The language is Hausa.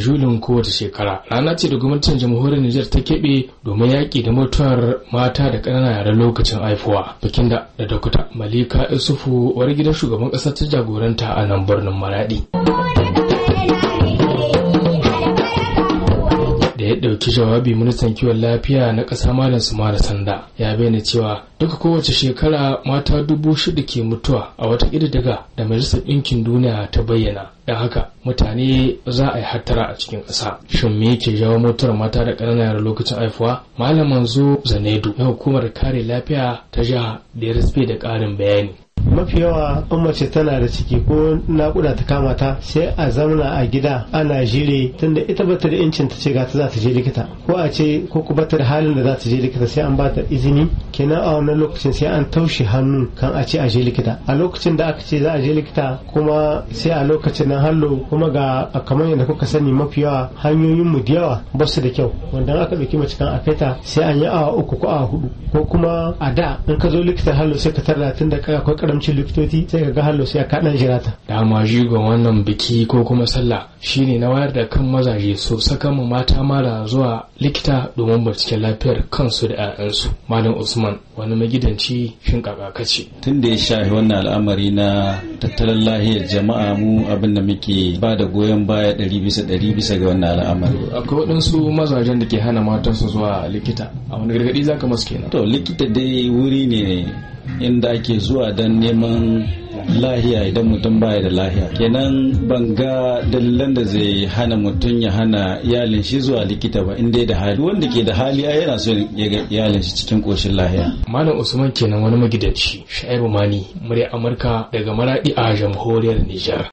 watan Julin kowace shekara. Rana ce da gwamnatin jamhuriyar Nijar ta keɓe domin yaƙi da mutuwar mata da ƙananan yaran lokacin haifuwa. Bikin da da Malika Isufu, wani gidan shugaban ƙasar ta jagoranta a nan birnin Maraɗi. ɗauki jawabi ministan kiwon lafiya na ƙasa malam mara sanda ya bayyana cewa duka kowace shekara mata dubu shida ke mutuwa a wata ƙididdiga da majalisar ɗinkin duniya ta bayyana don haka mutane za a yi hattara a cikin ƙasa shin me yake jawo mutuwar mata da ƙananan yara lokacin haifuwa malam manzo zanedu na hukumar kare lafiya ta jiha da ya da ƙarin bayani mafi yawa in mace tana da ciki ko nakuda ta kama ta sai a zamana a gida ana jire tunda ita bata da incin ta ce ga ta za ta je likita ko a ce ko ku bata da halin da za ta je likita sai an bata izini kenan a wannan lokacin sai an taushe hannu kan a ce a je likita a lokacin da aka ce za a je likita kuma sai a lokacin nan hallo kuma ga kamar yadda kuka sani mafi yawa hanyoyin mu da yawa ba su da kyau wanda aka ɗauki mace kan a ta sai an yi awa uku ko awa hudu ko kuma a da in ka zo likita hallo sai ka tarda tun da karamcin likitoci sai ka ga hallo sai ka dan ma ji ga wannan biki ko kuma sallah shine na wayar da kan mazaje so saka mu mata mara zuwa likita domin binciken lafiyar kansu da 'ya'yansu malam usman wani magidanci shin kaka kace tun da ya shafi wannan al'amari na tattalin lahiyar jama'a mu abin da muke ba da goyon baya ɗari bisa ɗari bisa ga wannan al'amari akwai waɗansu mazajen da ke hana matansu zuwa likita a wani gargaɗi zaka masu kenan to likita dai wuri ne inda ake zuwa don neman lahiya idan mutum baya da lahiya kenan ban ga dalilan da zai hana mutum ya hana iyalin shi zuwa likita ba inda da hali wanda ke da hali ya yana so ya ga iyalin shi cikin koshin lahiya malam usman kenan wani magidanci shaibu mani murya amurka daga maradi a jamhuriyar nijar